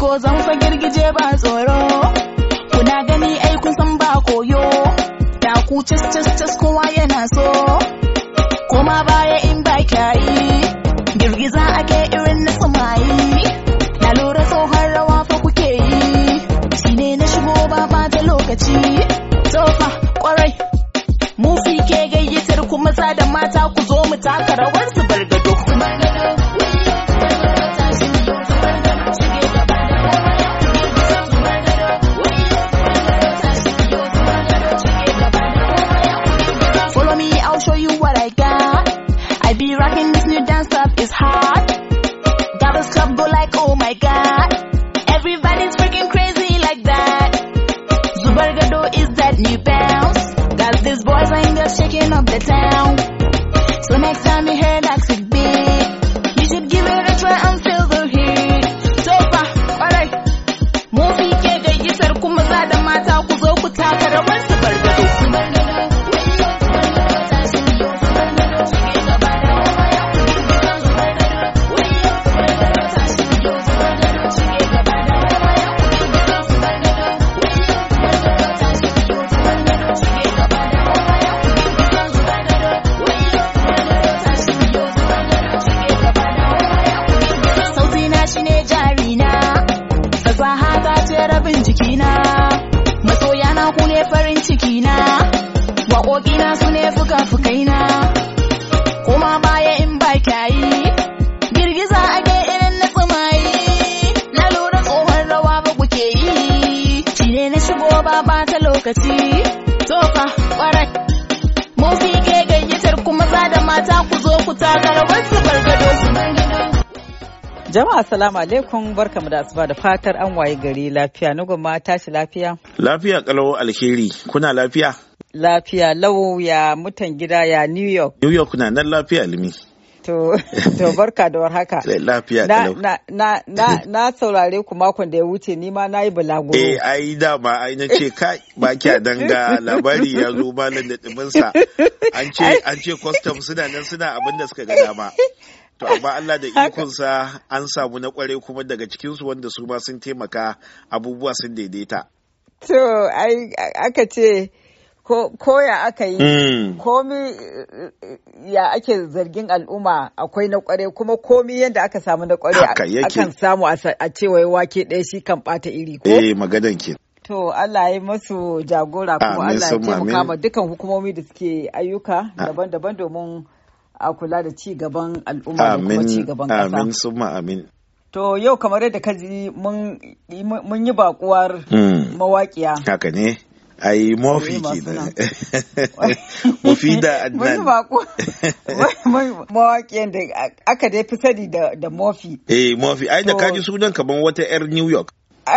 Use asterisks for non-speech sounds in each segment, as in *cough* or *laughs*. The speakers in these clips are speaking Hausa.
ko zan fa girgije ba tsoro kuna gani ai kun san ba koyo da ku cas When next time you hear that, lokaci tofa kwarai mofi ke gayyatar kuma za da mata ku zo ku takara su bargado su jama'a salamu alaikum barkamu da asuba da fatar an waye gari lafiya na gwamma tashi lafiya lafiya kalau alheri kuna lafiya lafiya lau ya mutan gida ya new york new york na nan lafiya limi To, to barka da war haka. *laughs* Lafiya na, na, na, na, saurare ku makon da ya wuce ni ma na yi bulaguro. Eh, ai dama ai na ce ka ba a danga labari ya zo malam da An ce, an ce kwastam suna nan suna abin da suka ga dama. To amma Allah da ikonsa an samu na kware kuma daga cikinsu wanda su ma sun taimaka abubuwa sun daidaita. To, ai aka ce ko ya aka yi mm. komi ya ake zargin al'umma akwai na kware kuma komi yadda aka samu na kware akan samu a cewa wake ɗaya shi kan bata iri ko eh magadan ke to Allah ya masu jagora kuma Allah ya taimaka ma dukan hukumomi da suke ayyuka daban-daban domin a kula da ci gaban al'umma da kuma ci gaban kasa amin summa amin To yau kamar yadda ka ji mun yi bakuwar hmm. mawaƙiya. Haka ne. ai mofi mafi *laughs* da adnan *laughs* mawaƙiyan da aka dai fi sani da mafi eh mafi ai da kaji sunan kaman wata yar new york *laughs*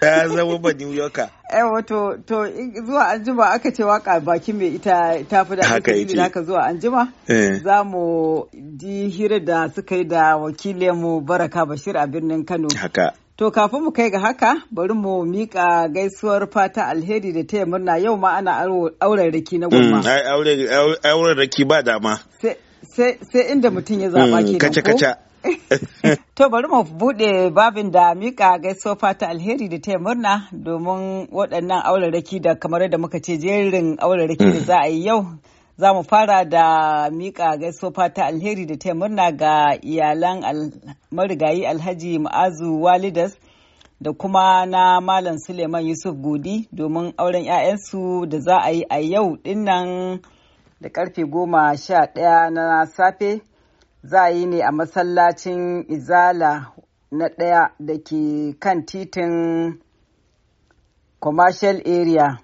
ta zama ba new yorker eh wato to zuwa anjima aka ce waka baki mai ita ta fi da haka da aka zuwa anjima eh. za mu ji hira da suka yi da wakilinmu baraka bashir a birnin kano haka To kafin mu kai ga haka bari mu mika gaisuwar fata alheri da taya murna yau ma ana auren raki na goma. Mm, auren raki ba dama. Sai inda mutum ya zaba mm, ke Kaca kaca. *laughs* to bari mu bude babin da mika gaisuwar fata alheri da taya murna domin waɗannan auren raki da kamar da muka ce jerin auren raki da mm. za a yi yau. za mu fara da mika gaisofa ta alheri da ta murna ga iyalan marigayi alhaji ma'azu walidas da kuma na malam suleiman yusuf gudi domin auren 'ya'yansu da za a yi a yau dinnan da karfe goma sha ɗaya na safe za a yi ne a masallacin izala na ɗaya da ke kan titin commercial area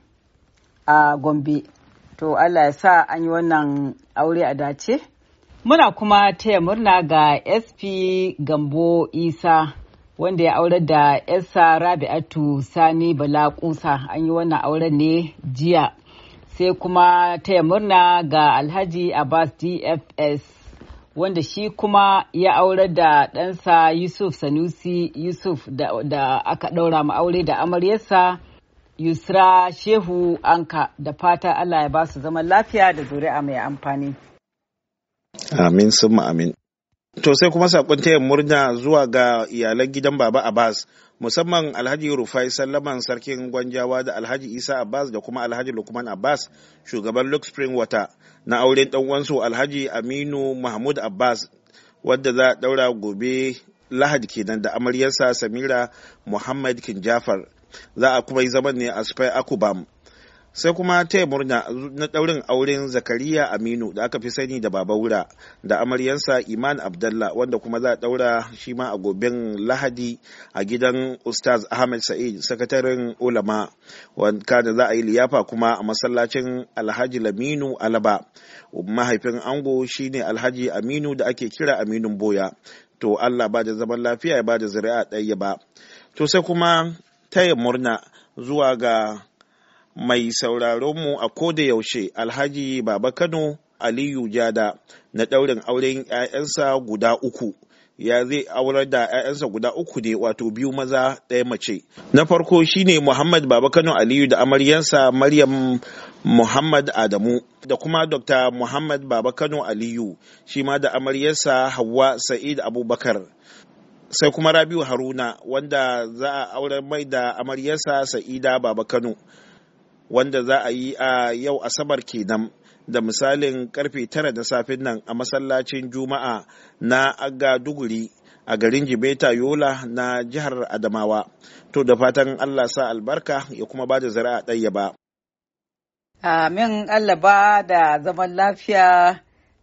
a gombe To Allah ya sa an yi wannan aure a dace. Muna kuma taya murna ga SP Gambo Isa wanda ya aure da yarsa Rabi'atu Sani Bala Kusa an yi wannan auren ne jiya. Sai kuma taya murna ga Alhaji Abbas DFS wanda shi kuma ya aure da ɗansa Yusuf Sanusi Yusuf da, da aka ɗaura ma aure da amaryarsa. Yusra Shehu Anka da fata Allah ya ba su zaman lafiya da zuri'a mai amfani. Amin sun amin. To sai kuma sakon taya murna zuwa ga iyalan gidan Baba Abbas musamman Alhaji Rufai Sallaman Sarkin Gwanjawa da Alhaji Isa Abbas da kuma Alhaji Lukman Abbas shugaban Luke Spring na auren ɗan uwansu Alhaji Aminu Mahmud Abbas wadda za a ɗaura gobe Lahadi kenan da amaryarsa Samira Muhammad Kinjafar za a kuma yi zaman ne a Sufai akubam sai kuma taya murna na daurin auren zakariya aminu da aka fi sani da Baba Wura da amaryansa iman abdallah wanda kuma za a daura shi ma a goben lahadi a gidan ustaz ahmed sa'id sakataren ulama wanda da za a yi liyafa kuma a masallacin alhaji laminu alaba mahaifin ango shine alhaji aminu da ake kira aminu boya to allah ba da zaman lafiya ya ba da zuri'a ɗaya ba to sai kuma taya murna zuwa ga mai sauraronmu a koda yaushe alhaji baba kano aliyu jada na ɗaurin auren 'ya'yansa guda uku ya zai aurar da 'ya'yansa guda uku ne wato biyu maza ɗaya mace na farko shine muhammad baba kano aliyu da amaryansa maryam muhammad adamu da kuma dr muhammad baba kano aliyu shi ma da amaryarsa hawa sa'id abubakar sai kuma rabiu haruna wanda za a auren mai da amaryarsa sa'ida baba kano wanda za a yi a yau asabar kenan da misalin karfe tara da safin nan a masallacin juma'a na aga duguri a garin jibeta yola na jihar adamawa to da fatan allah sa albarka ya kuma ba da a ɗaya ba amin allah ba da zaman lafiya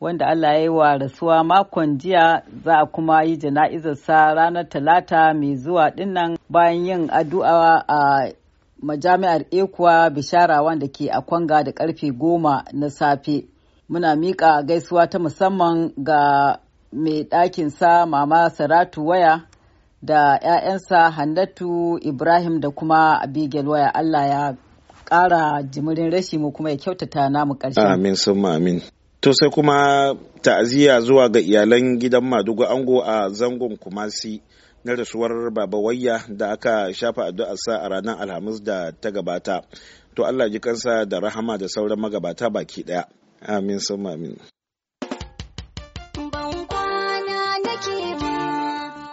wanda Allah ya yi wa rasuwa makon jiya za a kuma yi jana'izarsa ranar talata mai zuwa dinnan bayan yin addu'a a majami'ar ekuwa bishara wanda ke a kwanga da karfe goma na safe muna miƙa gaisuwa ta musamman ga mai ɗakinsa mama saratu waya da 'ya'yansa hannatu ibrahim da kuma abigel waya allah ya ƙara jimirin rashi mu kuma ya kyautata namu ƙarshe amin sun amin To sai kuma ta'aziyya zuwa ga iyalan gidan Madugu Ango a zangon Kumasi na rasuwar Baba Wayya da aka shafa addu'arsa a ranar Alhamis da ta gabata. To Allah ji kansa da rahama da sauran magabata baki daya. Amin sun amin. Ban kwana nake ba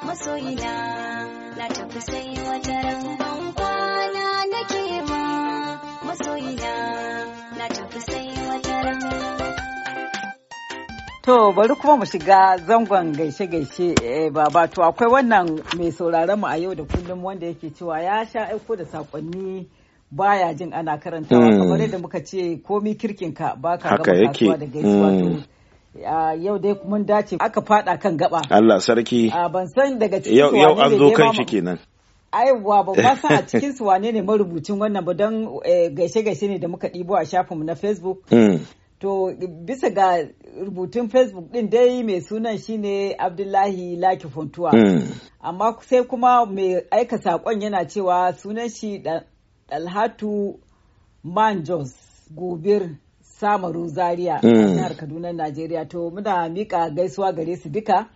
masoyina na tafi sai To bari kuma mu shiga zangon gaishe-gaishe eh, ba to akwai wannan mai sauraron mu a yau da kullum wanda yake cewa ya sha aiko da sakonni baya jin ana karanta, hmm. kamar yadda muka ce komi ka, ba ka gaba kasuwa da gaisuwa hmm. yau dai mun dace aka fada kan gaba Allah sarki ban san daga cikin yau an zo kan shi kenan aiwa ba ma san a *laughs* cikin su wane ne marubucin wannan ba don eh, gaishe-gaishe ne da muka dibo a shafinmu na Facebook hmm. To bisa ga rubutun Facebook ɗin dai mai sunan shine Abdullahi Laki Fontuwa. Hmm. Amma sai kuma mai aika saƙon yana cewa sunan shi Dalhatu Man Jones Gobir Samaru Zaria a hmm. jihar Kaduna Najeriya. To muna mika gaisuwa gare su duka.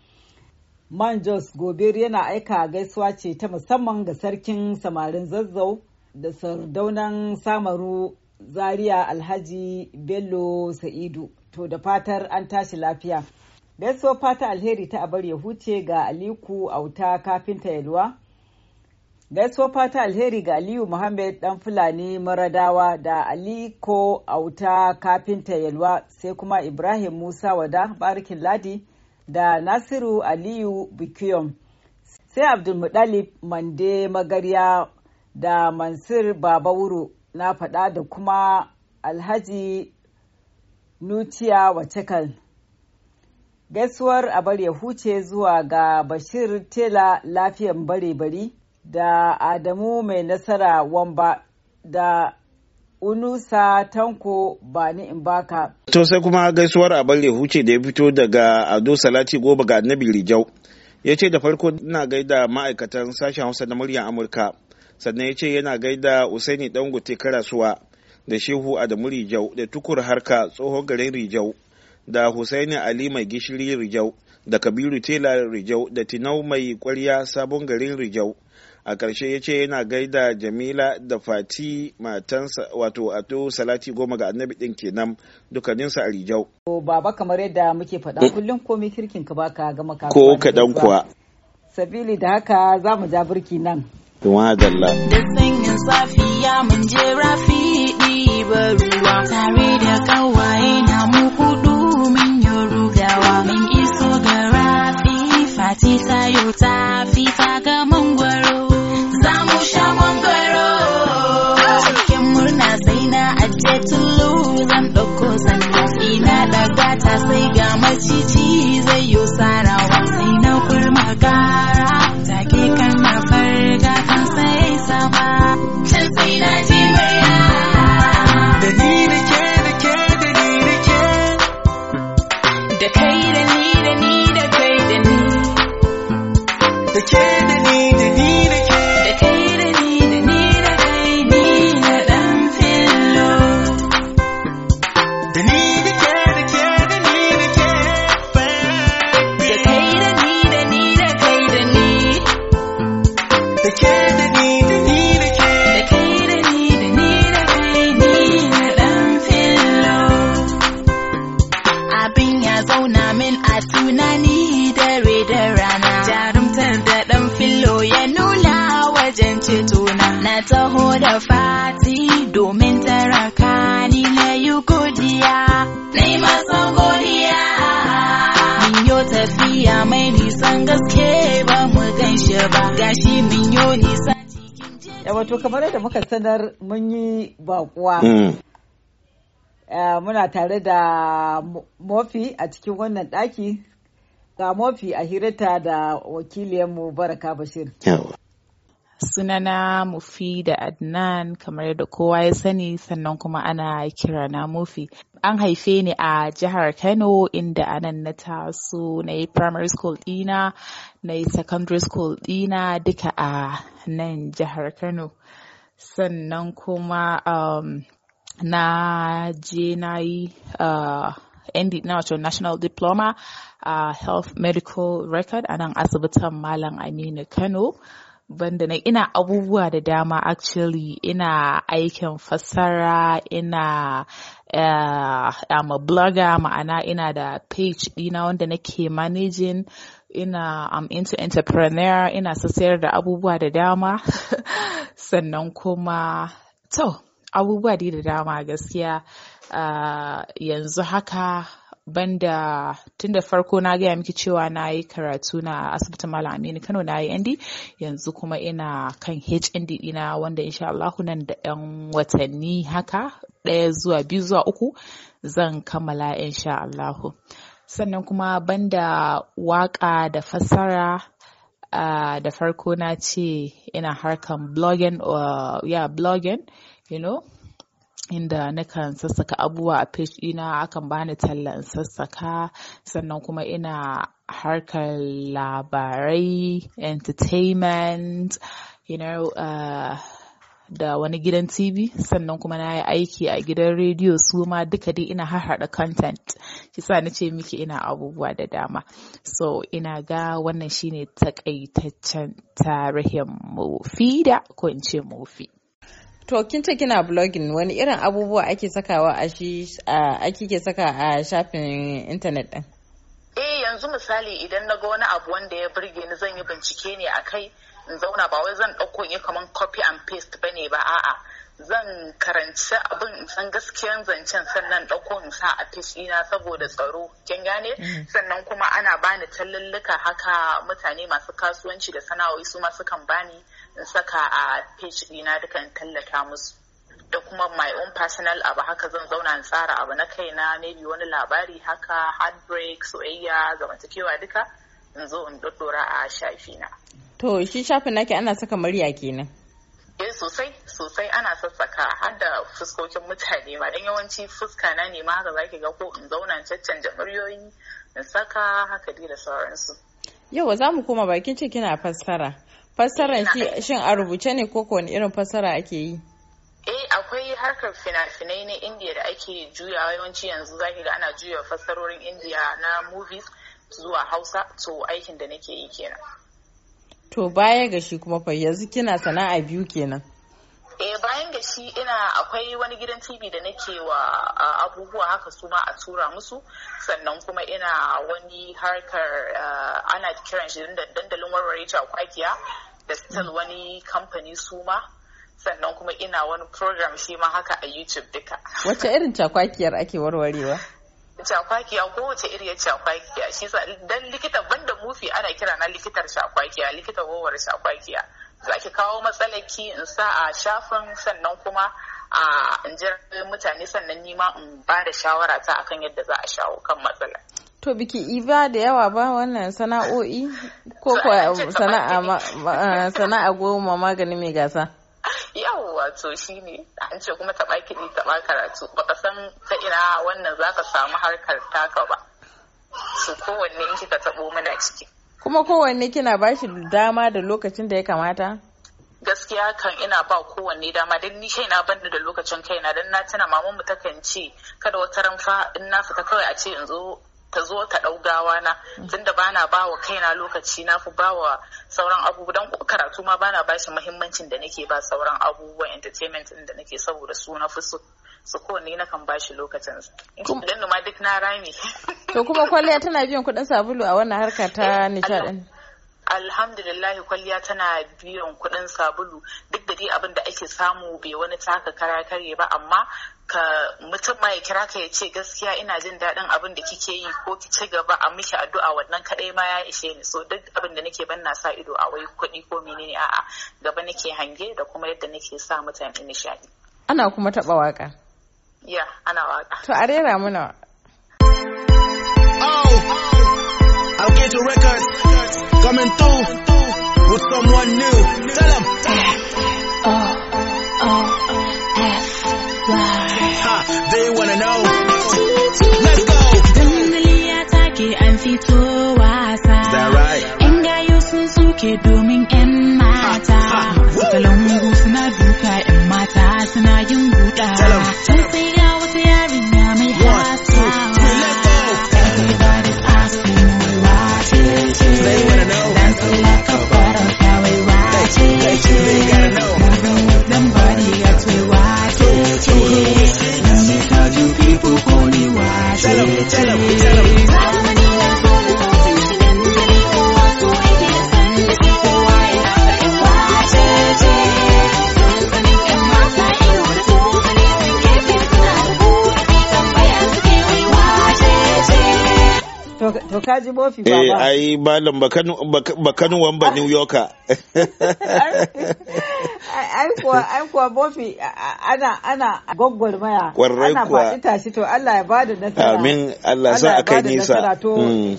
Man Jones Gobir yana aika gaisuwa ce ta musamman ga sarkin samarin zazzau da sardaunan Samaru zaria alhaji bello sa'idu to da fatar an tashi lafiya gaisuwa fata alheri ta abar ya huce ga aliku auta kafinta yalwa gaisuwa fata alheri ga aliyu muhammad dan fulani maradawa da aliko auta kafinta yalwa sai kuma ibrahim musa wada barikin ladi da nasiru aliyu bikiyom sai abdulmuɗalib mande magarya da mansur babawuro na faɗa da kuma alhaji nuciya wacekal gaisuwar abar ya huce zuwa ga bashir tela lafiyan bare-bari da adamu mai nasara wamba da unusa tanko bani in baka to sai kuma gaisuwar abar ya huce da ya fito daga ado salati goba ga annabi rijau ya ce da farko ina gaida ma'aikatan sashen hausa na muryar amurka sannan ya ce yana gaida usaini dangote karasuwa da shehu adamu rijau da tukur harka tsohon garin rijau da husaini ali mai gishiri rijau da kabiru tela rijau da tinau mai kwarya sabon garin rijau a ƙarshe ya ce yana gaida jamila da fati matansa wato ato salati goma ga annabi ɗin kenan dukkaninsa a rijau. baba kamar yadda muke faɗa kullum komai kirkin ka baka gama ka ko kaɗan kuwa sabili da haka za mu ja birki nan Tuma Dalla. Da sanyin safiya mun je rafi ɗiba ruwa tare da kawaye na mu hudu min yi rugawa mun iso ga rafi fati tayo ta fi ta ga mangwaro za mu sha mangwaro. Cikin murna sai na ajiye tullu zan ɗauko sannan ina da gata sai ga macici Wato kamar yadda muka sanar mun yi bakuwa. Mm. Eh, muna tare da Mofi a cikin wannan ɗaki ga Mofi a hirata da wakiliyarmu Baraka Bashir. Sunana Mufi da Adnan kamar da kowa ya sani sannan kuma ana kira na Mufi. An haife ni a jihar Kano inda anan na taso na yi primary school dina na yi secondary school dina duka a nan jihar Kano. Sannan kuma um, na je na yi uh, na wato National Diploma a uh, Health Medical Record a nan asibitin Malam Aminu Kano. banda na ina abubuwa da dama actually ina aikin fassara ina uh, I'm a blogger ma'ana ina da page dina wanda nake managing ina i'm into entrepreneur ina sayar da abubuwa da dama *laughs* sannan kuma to abubuwa dai da dama gaskiya uh, yanzu haka banda tun da farko na gaya miki cewa na yi karatu na asibitin malam aminu kano na yi nd yanzu kuma ina kan hnd ɗina wanda insha Allah nan da yan watanni haka ɗaya zuwa biyu zuwa uku zan kammala insha Allah sannan kuma banda waka da fassara da farko na ce ina harkan blogging uh, yeah blogging you know inda nakan sassaka abubuwa a page ɗina akan bani talla in sassaka sannan kuma ina harkar labarai entertainment you know uh, da wani gidan TV sannan kuma na yi aiki a gidan rediyo su ma duka dai ina harhaɗa content kisa na ce miki ina abubuwa da dama so ina ga wannan shine takaitaccen tarihin mufi da ko in ce To kin ce kina blogging wani irin abubuwa ake sakawa a shi ake kike saka a shafin intanet din? Eh yanzu misali idan na ga wani abu wanda ya burge ni zan yi bincike ne a kai in zauna ba wai zan ɗauko in yi kaman copy and paste ba ne ba a'a zan karanci abin in san gaskiyan zancen sannan ɗauko in sa a page ɗina saboda tsaro kin gane mm-hmm. sannan kuma ana bani tallallika haka mutane masu kasuwanci da sana'o'i su ma sukan bani In saka a page ɗina dukan tallata musu da kuma my own personal abu haka zan zauna in tsara abu na kaina maybe wani labari haka heartbreak soyayya zamantakewa duka in zo in dora a shafi na to shi shafin naki ana saka murya kenan eh sosai sosai ana sassaka har da fuskokin mutane ma dan yawanci fuska na ne ma haka zaki ga ko in zauna in caccanja muryoyi in saka haka dai da sauransu yau za mu koma bakin ce kina fassara Fassarar shi shin a rubuce ne ko wani irin fassara ake yi? Eh akwai harkar fina-finai na Indiya da ake juya yawanci yanzu zaki ga ana juya fassarorin Indiya na movies zuwa Hausa to aikin da nake yi kenan. To baya ga shi kuma fa yanzu kina sana'a biyu kenan. eh bayan ga shi ina akwai wani gidan tv da nake wa abubuwa haka su ma a tura musu sannan kuma ina wani harkar eh, ana kiran shi dandalin warware cakwakiya da still wani kamfani suma sannan kuma ina wani program shi ma haka a youtube duka wacce irin cakwakiyar ake warwarewa cakwakiya kowace iriyar cakwakiya shi dan likita banda mufi ana kira na likitar cakwakiya likita wawar cakwakiya za ki kawo matsalaki in sa a shafin sannan kuma a in mutane sannan nima in ba da shawara ta akan yadda za a shawo kan matsala. To biki iba da yawa ba wannan sana'o'i ko *laughs* eh, sana'a goma magani mai gasa. Yawwa to shi ne an ce kuma taɓa kiɗi taɓa karatu baka san ta ina wannan za ka samu harkar taka ba. Su kowanne in kika taɓo mana ciki. Kuma kowanne kina bashi dama da lokacin da ya kamata? gaskiya kan ina ba kowanne dama don ni kaina banda da lokacin kaina don na tuna maman mu takan ce kada wata ramfa in na fita kawai a ce in zo ta zo ta ɗau gawa na mm. tunda bana bawa kaina lokaci na fi wa sauran abubuwa don karatu ma bana bashi muhimmancin da nake ba sauran abubuwa entertainment da nake saboda su na fi su su kowanne na kan bashi lokacin su dan ma duk na rami *laughs* to kuma kwalliya tana biyan kuɗin sabulu a wannan harka ta eh, nishaɗin alhamdulillah kwalliya tana biyan kuɗin sabulu duk da dai abin da ake samu bai wani taka kara karye ba amma ka mutum ma ya kira ka ya ce gaskiya ina jin daɗin abin da kike yi ko ki ci gaba a miki addu'a wannan kaɗai ma ya ishe ni so duk abin da nake ban na sa ido a wai kuɗi ko menene a'a gaba nake hange da kuma yadda nake sa mutane nishaɗi. Ana kuma taɓa waƙa. Ya, ana waƙa. To a rera muna. Oh, I'll get your records coming through with someone new. Tell them. take domin 'yan mata Suka lungu suna duka 'yan mata suna yin buɗa Can sai ga wata yarinya mai them tell kaji mofi ba eh, ba ai malam bakanu ba new yorker ai kuwa ai kuwa mofi ana ana maya. kwarai kuwa ana faɗi tashi to Allah ya bada nasara amin Allah sa kai nisa to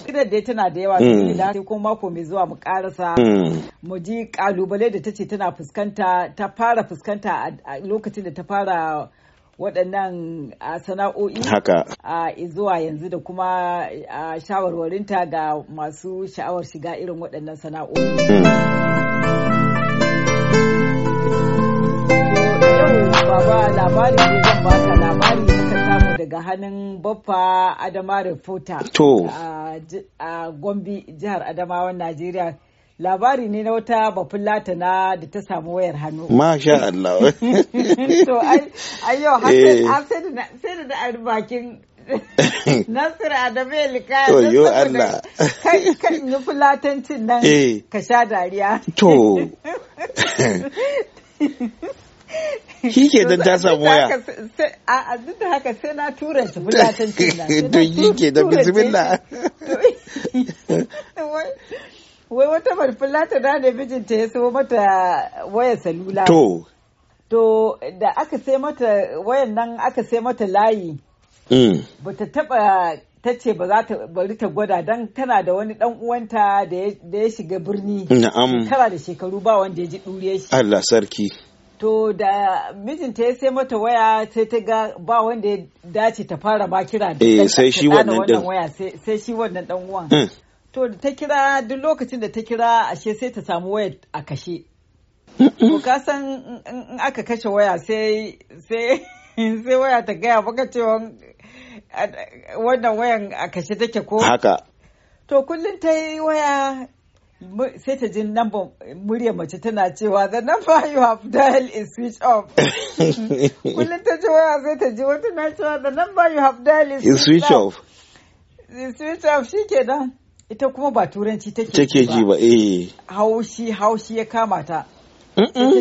kidan mm. dai tana da yawa mm. sai kuma mako mai zuwa mu karasa mm. mu ji kalubale da tace tana fuskanta ta fara fuskanta a lokacin da ta fara waɗannan sana'o'i haka a zuwa yanzu da kuma a shawarwarinta ga masu sha'awar shiga irin waɗannan sana'o'i. Hmm. Yau samu daga hannun baffa adama reporter to a gombe jihar adamawan najeriya labari ne na wata bafulata na da ta samu wayar hannu. Masha Allah. *laughs* To, ayyau, eh. sai da na bakin *laughs* Nasiru Adamu Elika to yo Allah kan yi fulatancin nan eh. ka sha dariya to *laughs* shi ke don ta samu waya a duk da haka sai na tura su fulatancin nan to yi ke da bisimila. wai wata marfilla ta da ne mijinta ya sayo mata wayar salula to to da aka sai mata wayan nan aka sai mata layi mm. ba ta taba ta ce ba za ta bari ta gwada don tana da wani dan uwanta da ya shiga birni na'am tara da shekaru ba wanda ya ji ɗuriyar shi Allah sarki to da mijinta ya sai mata waya sai ta ga ba wanda ya dace ta fara ba kira da eh, sai shi wannan waya sai shi wannan dan uwan mm. To da ta kira duk lokacin da ta kira ashe sai ta samu waya a kashe. To ka san in aka kashe waya sai sai *laughs* waya ta gaya baka cewa wannan wayan a kashe take ko? Haka. To kullum ta yi waya sai ta ji namba murya mace tana cewa the number you have dial is switch off *laughs* kullum ta ji waya sai ta ji wata na cewa the number you have dial is switch off switch off shikenan ita kuma ba turanci take ji ba eh haushi haushi ya kama ta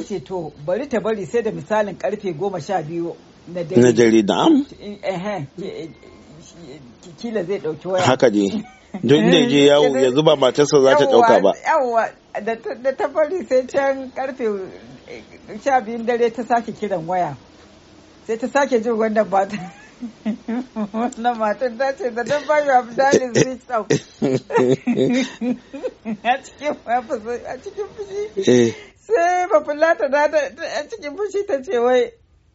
ce to bari ta bari sai da misalin karfe goma sha biyu na dare da am eh, eh, eh, kila zai dauki waya haka ne don da *laughs* je yawo ya zuba matarsa za ta dauka ba yawa da ta bari sai can karfe sha biyun dare ta sake kiran waya sai ta sake jin wannan ba ta wannan matan ta ce da don abu dali zai tsau a cikin fushi eh. sai bafulata na a cikin fushi ta ce wai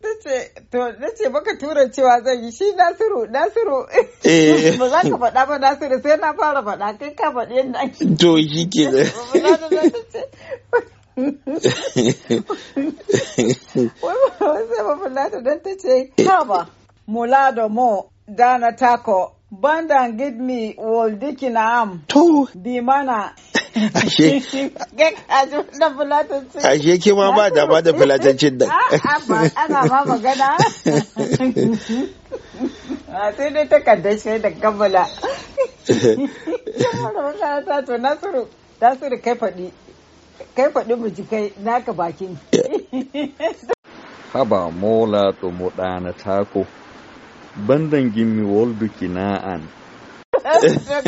ta ce baka tura cewa zan yi shi nasiru nasiru eh. *laughs* ba za ka faɗa ba nasiru sai na fara faɗa kai ka faɗi yadda ake to yi ke da *laughs* wai ba sai bafulata don ta ce ka ba mo Dana Tako Bandan Gidmi Woldiki am. To. Dimana. Ashe. *laughs* Ashe ke ma ba da ba da filatancin da. Ah, ah, ana ma magana. *laughs* Ah, sai dai shi da gabala. makaranta *laughs* to Nasiru, Nasiru kai faɗi. Kai faɗi bijikai naka bakin. Haba mola mu ɗana tako. bandan gimmi waldu kina'an *laughs*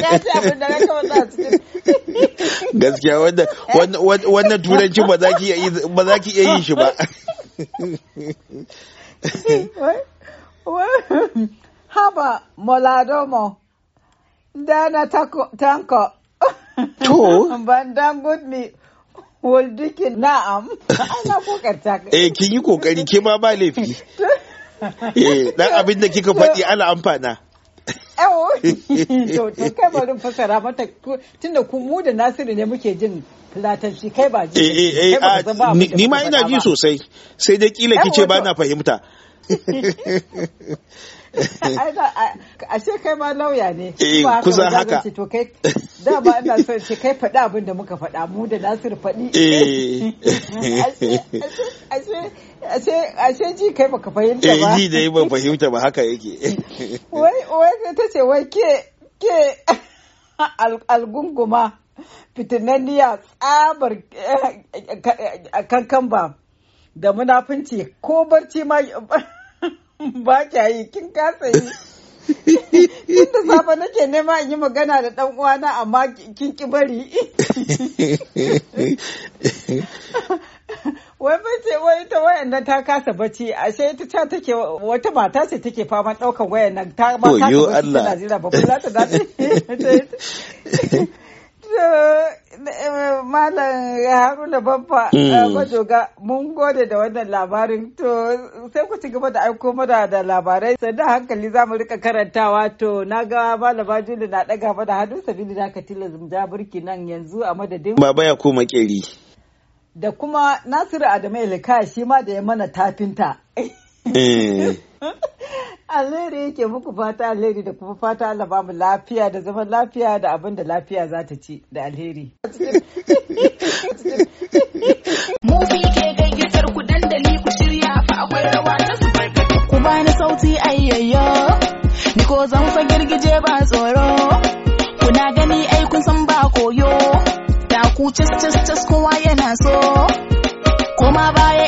gaskiya wannan turanci ba za ki iya yin shi ba *laughs* haba moladomo da na tanko to *laughs* bandan gudmi waldukin na'am ana kokarta eh kin yi kokari ke ma ba laifi Eh, dan abin da kika faɗi ala amfana *laughs* to to kai bari fasara mata tunda ku mu da Nasiru ne muke jin filatanci kai ba ji ni ma ina ji sosai sai dai kila kice ba na fahimta A ce kai ma lauya ne ba eh, kusa haka to kai Da ba ina so ce kai faɗi abin da muka faɗa mu da Nasir faɗi eh. A ce ji kai baka fahimta eh, ba ji da yi ban fahimta ba haka yake *laughs* wai wai ta ce wai ke ke *laughs* algunguma fitinanniya tsabar kankan ba da munafunci ko barci ma ba kya yi kin kasa yi kin da safe nake nema in yi magana da dan uwana amma kin ki bari wai bace wai ta wayan nan ta kasa bacci ashe ita ta take wata mata ce take fama daukan wayan nan ta ma ba ba ta jira ba kula ta da *laughs* Malam Haruna Babba. Bajoga mm. eh, mun gode da wannan labarin to sai ku ci gaba da aiko mana da labarai sai da hankali za mu rika karantawa to na ga malama Juli na daga mana hannu sabili da ka tilazum burki nan yanzu a madadin. Baba ya koma makeri. Da kuma Nasiru Adamu Elika shi ma da ya mana tafinta. Eh. *laughs* alheri yake muku fata alheri da kuma fata Allah ba mu lafiya da zaman lafiya da abin da lafiya za ta ci da alheri. Mufi ke gayyatar ku dandali ku shirya fa akwai rawa ta su barkatu. Ku bani sauti ayyayyo, ni ko zan fa girgije ba tsoro. Kuna gani ai kun san ba koyo, da ku cas cas kowa yana so. Koma baya